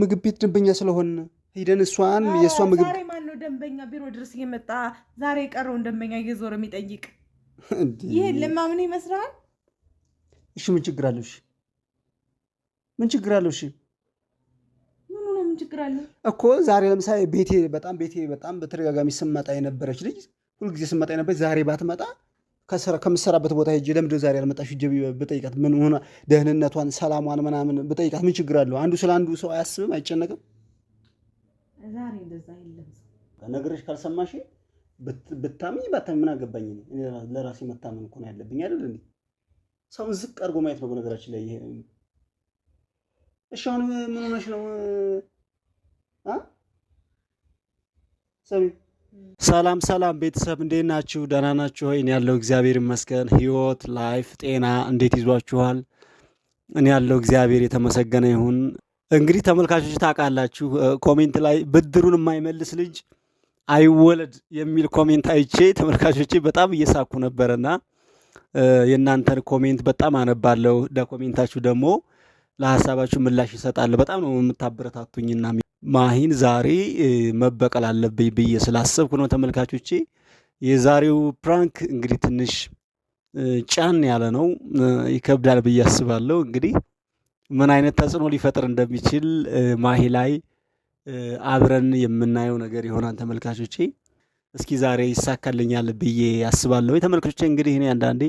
ምግብ ቤት ደንበኛ ስለሆን ሄደን እሷን የእሷ ምግብ ዛሬ ማን ነው ደንበኛ ቢሮ ድረስ እየመጣ ዛሬ የቀረውን ደንበኛ እየዞረ የሚጠይቅ? ይህ ለማምን ይመስላል። እሺ ምን ችግር አለው? እሺ ምን ችግር አለው? እሺ ምኑ ነው ምን ችግር አለው እኮ ዛሬ ለምሳሌ ቤቴ በጣም ቤቴ በጣም በተደጋጋሚ ስመጣ የነበረች ልጅ ሁልጊዜ ስመጣ የነበረች ዛሬ ባትመጣ ከምሰራበት ቦታ ሄጄ ለምድ ዛሬ ያልመጣሽ ሂጅ ብጠይቃት ምን ሆነ ደህንነቷን፣ ሰላሟን ምናምን ብጠይቃት ምን ችግር አለው? አንዱ ስለ አንዱ ሰው አያስብም፣ አይጨነቅም። ነግሬሽ ካልሰማሽ ብታምኝ ባታምኝ ምን አገባኝ? ለራሴ መታመን እኮ ነው ያለብኝ አይደል ሰውን ዝቅ አድርጎ ማየት ነው በነገራችን ላይ ይሄ። እሺ አሁን ምን ሆነሽ ነው ሰሚ ሰላም ሰላም ቤተሰብ እንዴት ናችሁ? ደህና ናችሁ ወይ? እኔ ያለው እግዚአብሔር ይመስገን። ህይወት፣ ላይፍ፣ ጤና እንዴት ይዟችኋል? እኔ ያለው እግዚአብሔር የተመሰገነ ይሁን። እንግዲህ ተመልካቾች ታውቃላችሁ፣ ኮሜንት ላይ ብድሩን የማይመልስ ልጅ አይወለድ የሚል ኮሜንት አይቼ ተመልካቾቼ በጣም እየሳኩ ነበረና የእናንተን ኮሜንት በጣም አነባለሁ። ለኮሜንታችሁ ደግሞ ለሀሳባችሁ ምላሽ ይሰጣለሁ። በጣም ነው የምታበረታቱኝና ማሂን ዛሬ መበቀል አለብኝ ብዬ ስላሰብኩ ነው ተመልካቾቼ። የዛሬው ፕራንክ እንግዲህ ትንሽ ጫን ያለ ነው፣ ይከብዳል ብዬ አስባለሁ። እንግዲህ ምን አይነት ተጽዕኖ ሊፈጥር እንደሚችል ማሂ ላይ አብረን የምናየው ነገር ይሆናል ተመልካቾቼ። እስኪ ዛሬ ይሳካልኛል ብዬ አስባለሁ ተመልካቾቼ። እንግዲህ እኔ አንዳንዴ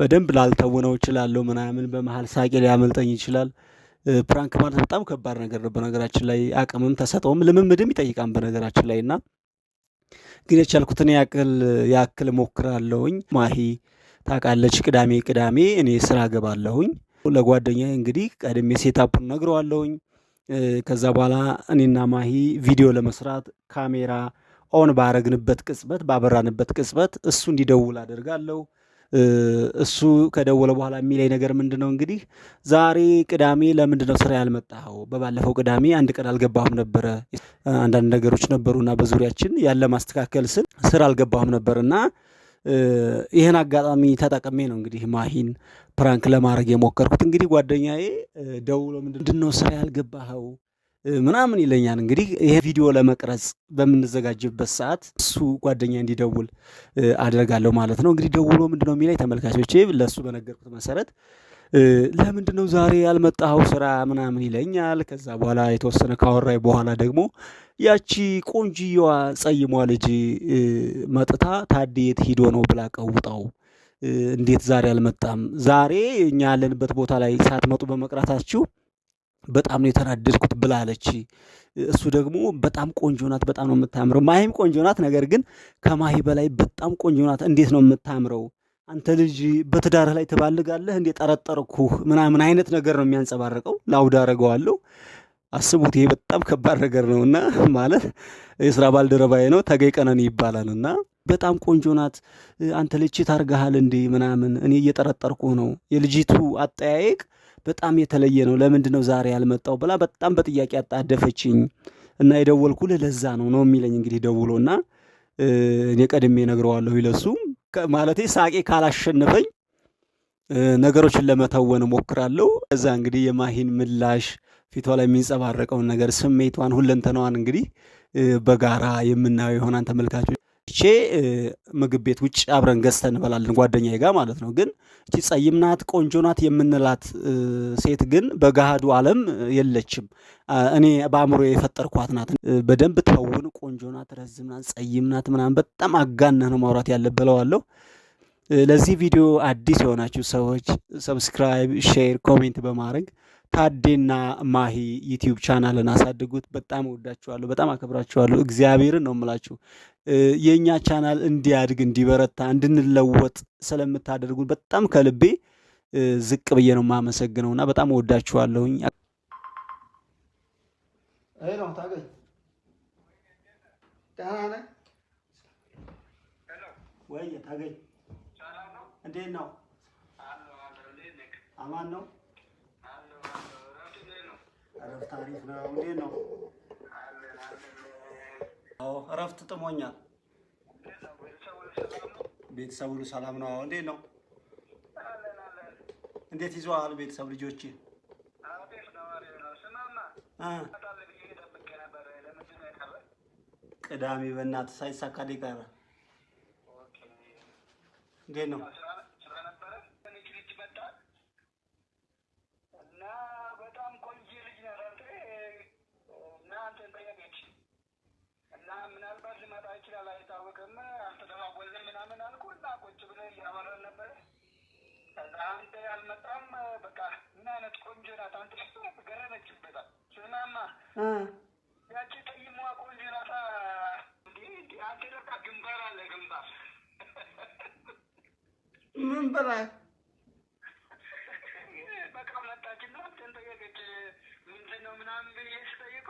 በደንብ ላልተውነው እችላለሁ ምናምን፣ በመሀል ሳቄ ሊያመልጠኝ ይችላል። ፕራንክ ማለት በጣም ከባድ ነገር ነው። በነገራችን ላይ አቅምም ተሰጠውም ልምምድም ይጠይቃም። በነገራችን ላይ እና ግን የቻልኩትን ያክል ያክል ሞክራለሁኝ። ማሂ ታውቃለች፣ ቅዳሜ ቅዳሜ እኔ ስራ ገባለሁኝ። ለጓደኛ እንግዲህ ቀድሜ ሴታፑን ነግረዋለሁኝ። ከዛ በኋላ እኔና ማሂ ቪዲዮ ለመስራት ካሜራ ኦን ባረግንበት ቅጽበት ባበራንበት ቅጽበት እሱ እንዲደውል አደርጋለሁ። እሱ ከደወለ በኋላ የሚለኝ ነገር ምንድን ነው እንግዲህ ዛሬ ቅዳሜ ለምንድን ነው ስራ ያልመጣኸው? በባለፈው ቅዳሜ አንድ ቀን አልገባሁም ነበረ። አንዳንድ ነገሮች ነበሩና በዙሪያችን ያለ ማስተካከል ስል ስራ አልገባሁም ነበርና ይህን አጋጣሚ ተጠቅሜ ነው እንግዲህ ማሂን ፕራንክ ለማድረግ የሞከርኩት። እንግዲህ ጓደኛዬ ደውሎ ምንድን ነው ስራ ያልገባኸው ምናምን ይለኛል። እንግዲህ ይሄ ቪዲዮ ለመቅረጽ በምንዘጋጅበት ሰዓት እሱ ጓደኛ እንዲደውል አደርጋለሁ ማለት ነው። እንግዲህ ደውሎ ምንድነው የሚለኝ ተመልካቾች ለእሱ በነገርኩት መሰረት ለምንድን ነው ዛሬ ያልመጣኸው ስራ ምናምን ይለኛል። ከዛ በኋላ የተወሰነ ካወራይ በኋላ ደግሞ ያቺ ቆንጅየዋ ጸይሟ ልጅ መጥታ ታዴት ሂዶ ነው ብላ ቀውጣው እንዴት ዛሬ አልመጣም? ዛሬ እኛ ያለንበት ቦታ ላይ ሳትመጡ በመቅራታችሁ በጣም ነው የተናደድኩት ብላለች። እሱ ደግሞ በጣም ቆንጆ ናት፣ በጣም ነው የምታምረው። ማሂም ቆንጆ ናት፣ ነገር ግን ከማሂ በላይ በጣም ቆንጆ ናት። እንዴት ነው የምታምረው? አንተ ልጅ በትዳርህ ላይ ትባልጋለህ እንዴ? ጠረጠርኩህ ምናምን አይነት ነገር ነው የሚያንጸባርቀው። ላውድ አረገዋለሁ። አስቡት፣ ይሄ በጣም ከባድ ነገር ነው እና ማለት የስራ ባልደረባዬ ነው ተገይ ቀነን ይባላል እና በጣም ቆንጆ ናት። አንተ ልጅ ታርጋሃል እንዴ ምናምን እኔ እየጠረጠርኩ ነው የልጅቱ አጠያየቅ በጣም የተለየ ነው፣ ለምንድን ነው ዛሬ ያልመጣው ብላ በጣም በጥያቄ አጣደፈችኝ። እና የደወልኩልህ ለዛ ነው ነው የሚለኝ እንግዲህ ደውሎ እና እኔ ቀድሜ ነግረዋለሁ ይለሱ ማለቴ ሳቄ ካላሸነፈኝ ነገሮችን ለመተወን እሞክራለሁ። እዛ እንግዲህ የማሂን ምላሽ ፊቷ ላይ የሚንጸባረቀውን ነገር ስሜቷን፣ ሁለንተናዋን እንግዲህ በጋራ የምናየው የሆናን ተመልካቾች እቼ ምግብ ቤት ውጭ አብረን ገዝተን እንበላለን ጓደኛ ጋር ማለት ነው። ግን እቺ ጸይም ናት ቆንጆ ናት የምንላት ሴት ግን በገሃዱ ዓለም የለችም። እኔ በአእምሮ የፈጠርኳት ናት። በደንብ ተውን፣ ቆንጆ ናት፣ ረዝም ናት፣ ጸይም ናት ምናምን በጣም አጋነህ ነው ማውራት ያለ ብለዋለሁ። ለዚህ ቪዲዮ አዲስ የሆናችሁ ሰዎች ሰብስክራይብ፣ ሼር፣ ኮሜንት በማድረግ ታዴና ማሂ ዩቲዩብ ቻናልን አሳድጉት። በጣም እወዳችኋለሁ፣ በጣም አከብራችኋለሁ። እግዚአብሔርን ነው የምላችሁ። የእኛ ቻናል እንዲያድግ፣ እንዲበረታ፣ እንድንለወጥ ስለምታደርጉን በጣም ከልቤ ዝቅ ብዬ ነው የማመሰግነውና በጣም እወዳችኋለሁኝ። ታገኝ እንዴት ነው? አማን ነው እረፍት አሪፍ ነው። እንዴት ነው? አዎ እረፍት ጥሞኛል። ቤተሰብ ሁሉ ሰላም ነው? አዎ። እንዴት ነው? እንዴት ይዘዋል ቤተሰብ ልጆች? ቅዳሜ በእናትህ ሳይሳካልኝ ቀረ። እንዴት ነው ሊመጣ ይችላል አይታወቅም። አልተተባወዝም ምናምን አልኩ እና ቁጭ ብለ እያበረን ነበረ። ከዛ አንተ ያልመጣም በቃ ምን አይነት ቆንጆ ናት አንተ ሱ ገረመችኝ በጣም ስናማ ያቺ ጠይሟ ቆንጆ ናታ። እንዲህ አንተ በቃ ግንባር አለ ግንባር ምን በላ በቃ መጣችና እንትን ምንድን ነው ምናምን ብዬ ስጠይቅ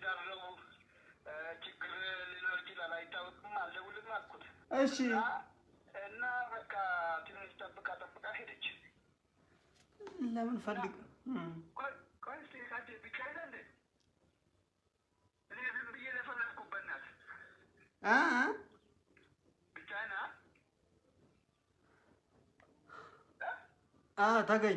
ትዳር ችግር ሊኖር ይችላል፣ አይታወቅም። አልደውልም አልኩት። እሺ እና በቃ ትንሽ ጠብቃ ጠብቃ ሄደች። ለምን ፈልግ ብቻ እኔ ዝም ብዬ ተገኝ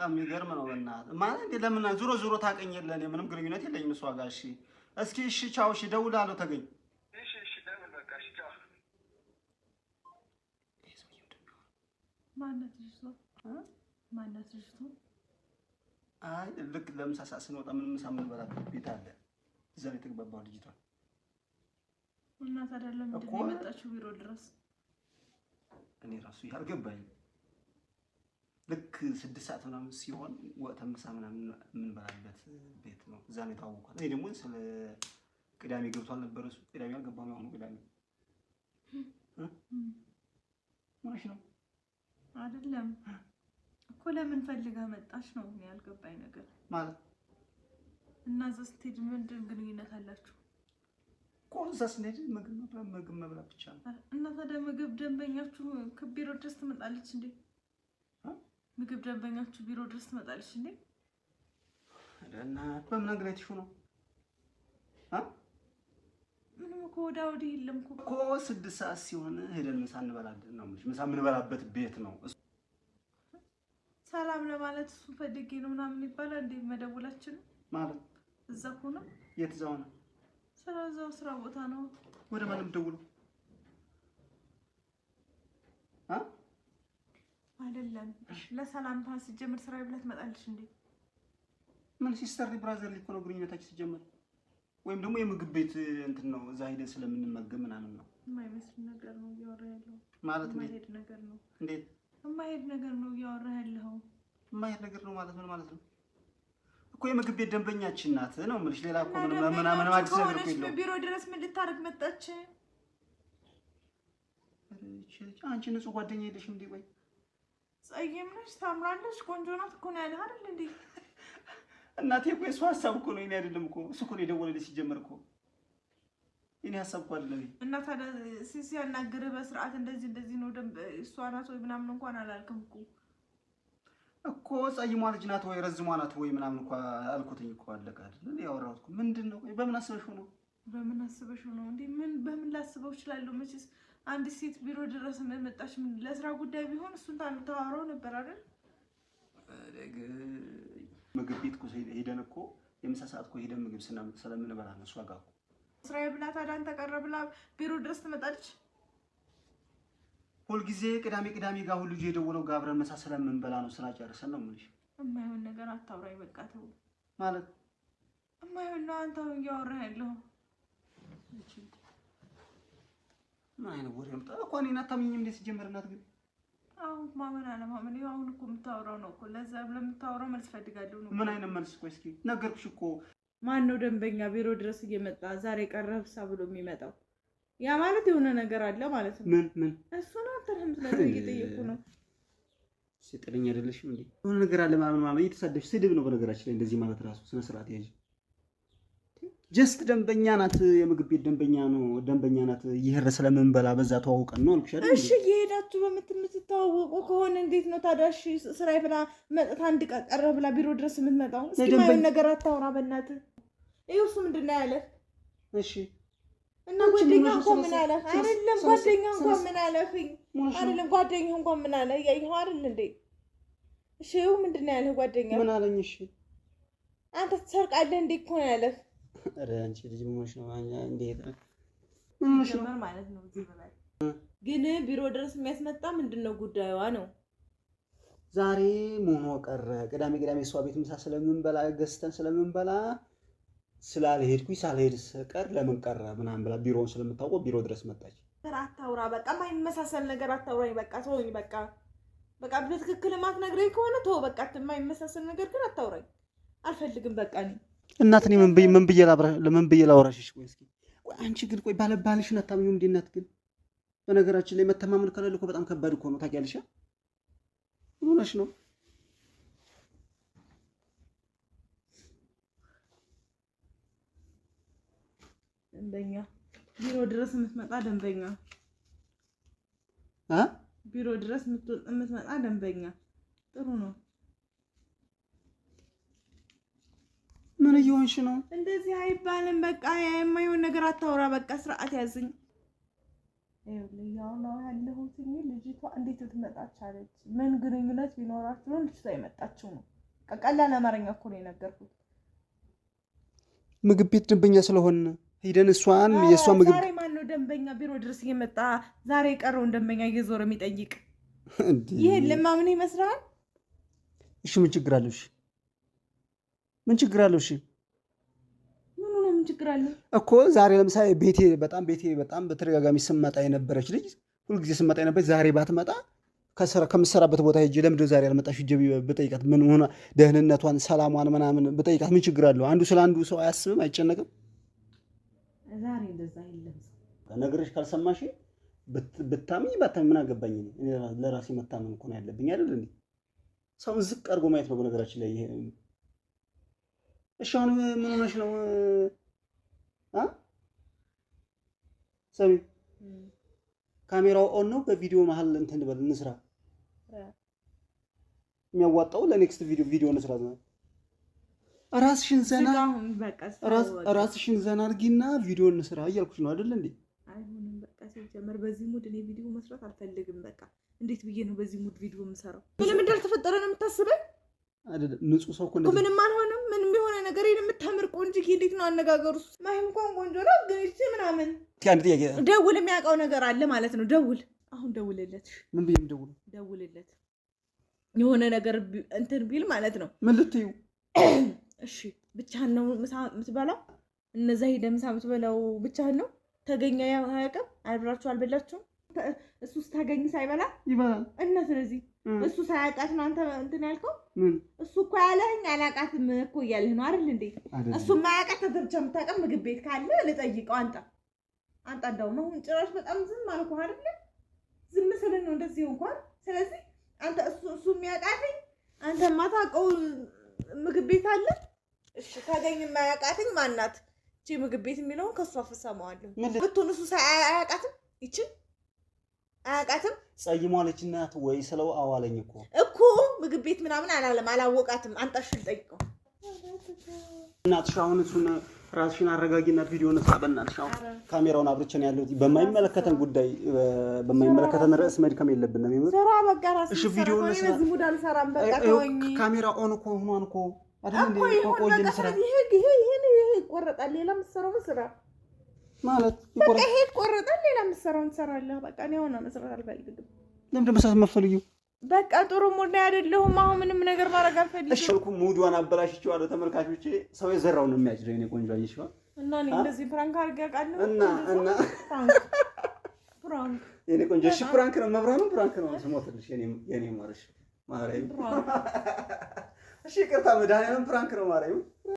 በጣም የሚገርም ነው። በእናትህ ማለት ለምን ዞሮ ዙሮ ታቀኝ የለ ምንም ግንኙነት የለኝም እሷ ጋር። እሺ እስኪ እሺ፣ ቻው፣ እሺ፣ እደውላለሁ፣ ተገኝ። አይ ልክ ለምሳ ስንወጣ ምንም ምሳ በላት ቤት አለ፣ እዛ ላይ ትግባባው ልጅቷን እናት አይደለም እኮ የመጣችው ቢሮ ድረስ እኔ ራሱ ይህ ልክ ስድስት ሰዓት ምናምን ሲሆን ወተን ምሳ ምናምን የምንበላበት ቤት ነው። እዛ ነው የታወኳት። እኔ ደግሞ ስለ ቅዳሜ ገብቶ አልነበረ እሱ ቅዳሜ አልገባም። አሁኑ ቅዳሜ ሆነሽ ነው አይደለም እኮ ለምን ፈልጋ መጣች ነው ያልገባኝ ነገር ማለት እና እዛ ስትሄድ ምንድን ግንኙነት አላችሁ? እዛ ስንሄድ ምግብ መብላት ብቻ ነው። እና ታዲያ ምግብ ደንበኛችሁ ክቢሮ ድረስ ትመጣለች እንዴ? ምግብ ደንበኛችሁ ቢሮ ድረስ ትመጣለች እንዴ? እናት በምን አግሬትሹ ነው? ምንም እኮ ወዲያ ወዲህ የለም እኮ ስድስት ሰዓት ሲሆን ሄደን ምሳ እንበላለን ነው የምልሽ። ምሳ የምንበላበት ቤት ነው ሰላም ለማለት እሱ ፈልጌ ነው ምናምን ይባላል እንዴ? መደወላችን ማለት እዛ እኮ ነው። የት እዛው ነው? ስራ እዛው ስራ ቦታ ነው። ወደ ማንም ደውሎ አይደለም ለሰላምታ ሲጀምር ስራ ብላ ትመጣለች እንዴ? ምን ሲስተር ብራዘር ሊኮ ነው ግንኙነታችን ሲጀምር፣ ወይም ደግሞ የምግብ ቤት እንትን ነው እዛ ሄደን ስለምንመገብ ምናምን ነው። የማይመስል ነገር ነው እያወራ ያለው ማለት ነው። የማይሄድ ነገር ነው እንዴት? የማይሄድ ነገር ነው እያወራ ያለው። የማይሄድ ነገር ነው ማለት ምን ማለት ነው? እኮ የምግብ ቤት ደንበኛችን ናት ነው የምልሽ። ሌላ እኮ ምንም ምናምን አዲስ ነገር እኮ የለውም። ቢሮ ድረስ ምን ልታደርግ መጣች? አንቺ ንጹህ ጓደኛ የለሽም እንዴ? ወይ ጸየም ነች፣ ታምራለች፣ ቆንጆ ናት እኮ ነው ያለህ አይደል እንዴ? እናቴ እኮ የእሱ ሀሳብ እኮ ነው፣ እኔ አይደለም እኮ እሱ እኮ ነው የደወለልኝ። ሲጀመር እኮ እኔ ሀሳብ እኮ አይደለም። እና ታዲያ ሲያናግርህ በስርዓት እንደዚህ እንደዚህ ነው ደንብ እሷ ናት ወይ ምናምን እንኳን አላልክም እኮ እኮ ጸይሟ ልጅ ናት ወይ ረዝሟ ናት ወይ ምናምን እኮ አልኩትኝ እኮ አለቀ አይደል ያወራሁት እኮ ምንድን ነው በምን አስበሽው ነው በምን አስበሽው ነው እንዴ ምን በምን ላስበው እችላለሁ መቼስ አንድ ሴት ቢሮ ድረስ መጣች ለስራ ጉዳይ ቢሆን እሱን ታወራው ነበር አይደል? ምግብ ቤት እኮ ሄደን እኮ የምሳ ሰዓት እኮ ሄደን ምግብ ስለምንበላ ነው እሷ ጋር እኮ ስራዬ ብላ ታዲያ አንተ ቀረ ብላ ቢሮ ድረስ ትመጣለች። ሁልጊዜ ቅዳሜ ቅዳሜ ጋር ሁሉ ልጅ የደወለው ጋር አብረን ምሳ ስለምንበላ ነው ስራ ጨርሰን ነው የምልሽ። የማይሆን ነገር አታውራኝ፣ በቃ ተው ማለት የማይሆን ነው አንተ አሁን እያወራህ ያለው ምን አይነት ወሬ ነው? እኮ እኔን አታምኝም እንዴ? ሲጀመር እናት ግን አሁን ማመን አለማመን ይኸው አሁን እኮ የምታወራው ነው እኮ ለዛ ለምታወራው መልስ ፈልጋለሁ ነው። ምን አይነት መልስ? ቆይ እስኪ ነገርኩሽ እኮ ማን ነው ደንበኛ ቢሮ ድረስ እየመጣ ዛሬ ቀረብሳ ብሎ የሚመጣው? ያ ማለት የሆነ ነገር አለ ማለት ነው። ምን ምን? እሱ ነው አትልህም። ስለዚህ እየጠየኩ ነው። ሲጥልኝ አይደለሽም እንዴ? የሆነ ነገር አለ ማመን ማመን። እየተሳደብሽ ስድብ ነው በነገራችን ላይ እንደዚህ ማለት ራሱ ስነ ስርዓት ያዥ ጀስት ደንበኛ ናት፣ የምግብ ቤት ደንበኛ ነው፣ ደንበኛ ናት። ይህር ስለምንበላ በዛ ተዋውቀን ነው አልኩሽ። እሺ እየሄዳችሁ በምትተዋወቁ ከሆነ እንዴት ነው ታዲያ? እሺ ስራ ብላ መጠት አንድ ቀረ ብላ ቢሮ ድረስ የምትመጣው እስኪ ነገር አታውራ፣ በእናትህ ይህ እሱ ምንድን ነው ያለ? እሺ እና ጓደኛ እንኳ ምን አለ? አይደለም ጓደኛ እንኳ ምን አለፍኝ? አይደለም ጓደኛ እንኳ ምን አለ? እያየኸው አይደል እንዴ? እሺ ይኸው ምንድን ነው ያለህ ጓደኛ? ምን አለኝ? እሺ አንተ ትሰርቃለህ እንዴ እኮ ነው ያለህ አንቺ ልጅ ሞሽ ነው እንዴት ነው ማለት ነው። ግን ቢሮ ድረስ የሚያስመጣ ምንድን ነው ጉዳዩዋ? ነው ዛሬ ሞኖ ቀረ። ቅዳሜ ቅዳሜ እሷ ቤት ምሳ ስለምንበላ ገዝተን ስለምንበላ ስላልሄድኩኝ ሳልሄድ ስቀር ለምን ቀረ ምናምን ብላ ቢሮውን ስለምታውቀው ቢሮ ድረስ መጣች። አታውራ በቃ የማይመሳሰል ነገር አታውራኝ። በቃ ተወኝ። በቃ በቃ በትክክል ማትነግረኝ ከሆነ ተወው በቃ። የማይመሳሰል ነገር ግን አታውራኝ አልፈልግም። በቃ እኔ እናት ምን ብዬ ለምን ብዬ ላውራሽሽ? ቆይ እስኪ አንቺ ግን ቆይ ባለባልሽ አታምኙም እንዴ? እናት ግን በነገራችን ላይ መተማመን ከሌለ እኮ በጣም ከባድ እኮ ነው። ታውቂያለሽ? ምን ሆነሽ ነው? ደንበኛ ቢሮ ድረስ የምትመጣ ደንበኛ ቢሮ ድረስ የምትመጣ ደንበኛ ጥሩ ነው። ምን እየሆንሽ ነው? እንደዚህ አይባልም። በቃ የማይሆን ነገር አታውራ። በቃ ስርዓት ያዝኝ። ያው ነው ያለሁት። ልጅቷ እንዴት ትመጣች አለች። ምን ግንኙነት ቢኖራችሁ ነው ልጅቷ የመጣችው? ነው ቀላል አማርኛ እኮ ነው የነገርኩት። ምግብ ቤት ደንበኛ ስለሆነ ሂደን እሷን የእሷ ምግብ ዛሬ ማነው ደንበኛ ቢሮ ድረስ እየመጣ ዛሬ የቀረውን ደንበኛ እየዞረ የሚጠይቅ? ይህን ልማምን ይመስላል። እሺ ምን ችግር አለሽ? ምን ችግር አለው? እሺ እኮ ዛሬ ለምሳሌ ቤቴ በጣም ቤቴ በጣም በተደጋጋሚ ስመጣ የነበረች ልጅ ሁልጊዜ ስመጣ የነበረች ዛሬ ባትመጣ ከምሰራበት ቦታ ሄጄ ለምንድን ዛሬ ያልመጣሽ ሂጅ ብጠይቃት ምን ሆና ደህንነቷን ሰላሟን ምናምን ብጠይቃት ምን ችግር አለው? አንዱ ስለ አንዱ ሰው አያስብም አይጨነቅም። ነግሬሽ ካልሰማሽ ብታምኝ ባታምኝ ምን አገባኝ? ለራሴ መታመን እኮ ነው ያለብኝ አይደል? ሰውን ዝቅ አድርጎ ማየት ነው በነገራችን ላይ እሺ አሁን ምን ሆነሽ ነው? አ ሰሚ ካሜራው ኦን ነው። በቪዲዮ መሀል እንትን እንበል እንስራ። የሚያዋጣው ለኔክስት ቪዲዮ ቪዲዮ እንስራ። ራስሽን ዘና ራስሽን ዘና አድርጊና ቪዲዮ እንስራ እያልኩሽ ነው አይደል እንዴ? አይሆንም። በቃ ሲጀመር በዚህ ሙድ እኔ ቪዲዮ መስራት አልፈልግም። በቃ እንዴት ብዬ ነው በዚህ ሙድ ቪዲዮ የምሰራው? ምንም እንዳልተፈጠረ ነው የምታስበኝ አይደለም። ንጹህ ሰው እኮ ምንም አልሆነ ነገሬን የምታምር ቆንጅዬ እንዴት ነው አነጋገሩ? ማይ እንኳን ቆንጆ ነው ግን እሺ፣ ምናምን ደውል የሚያውቀው ነገር አለ ማለት ነው። ደውል አሁን ደውልለት። ምን ብዬ ደውል ደውልለት የሆነ ነገር እንትን ቢል ማለት ነው። ምን ልትዩ? እሺ ብቻህን ነው ምሳ የምትበላው? እነዛ ሄደ ምሳ የምትበላው ብቻህን ነው? ተገኘ ያውቅም? አብራችሁ አልበላችሁም? እሱ ስታገኝ ሳይበላ ይበላል እና ስለዚህ እሱ ሳያውቃት ነው አንተ እንትን ያልከው። እሱ እኮ ያለህኝ አላውቃትም እኮ እያልህ ነው አይደል እንዴ? እሱ ማያውቃት ተደርቻ የምታውቀው ምግብ ቤት ካለ ልጠይቀው። አንጣ አንጣ። እንደውም አሁን ጭራሽ በጣም ዝም አልኩህ አይደለ? ዝም ስልህ ነው እንደዚህ እንኳን። ስለዚህ አንተ እሱ እሱ የሚያውቃትኝ አንተ የማታውቀው ምግብ ቤት አለ። እሺ ታገኝ። የማያውቃትኝ ማናት? እቺ ምግብ ቤት የሚለውን ከእሱ አፍሳ ብትሆን እሱ ሳያውቃትም ይችል አያውቃትም። ጸይሟ አለች እናት ወይ ስለው አዋለኝ እኮ እኮ ምግብ ቤት ምናምን አላለም። አላወቃትም። አንጣሽን ጠይቀው እናትሽ። አሁን እሱን ራስሽን አረጋጊ ቪዲዮ ነሳ በእናትሽ። አሁን ካሜራውን አብርቼ ነው ያለሁት። በማይመለከተን ጉዳይ በማይመለከተን ርዕስ መድከም የለብንም። ስራ መጋራት እሺ። ቪዲዮ ነሳ ካሜራ ኦን እኮ ሆኗን እኮ አይደል? ቆይ ቆቆ ይሄ ይሄ ይሄ ይቆረጣል። ሌላ የምትሰራው ስራ ማለት ይቆረጥ ይሄ ይቆረጣል። ሌላ የምትሰራውን ትሰራለህ። በቃ እኔ አሁን መስራት አልፈልግም። ለምንድን መስራት የማትፈልጊው? በቃ ጥሩ ሙድ ላይ አይደለሁም። አሁን ምንም ነገር ማድረግ አልፈልግም። እሺ አልኩህ። ሙዷን አበላሽቼዋለሁ። ተመልካቾቼ ሰው የዘራው ነው የሚያጭደው። እኔ ቆንጆ አይሽዋል እና እኔ እንደዚህ ፕራንክ አድርጌ አውቃለሁ። እና እና ፕራንክ የእኔ ቆንጆ እሺ፣ ፕራንክ ነው መብራኑ፣ ፕራንክ ነው ስሞትልሽ፣ የኔ ማርሽ ማርያም። እሺ ይቅርታ መድኃኒዓለም ፕራንክ ነው ማርያም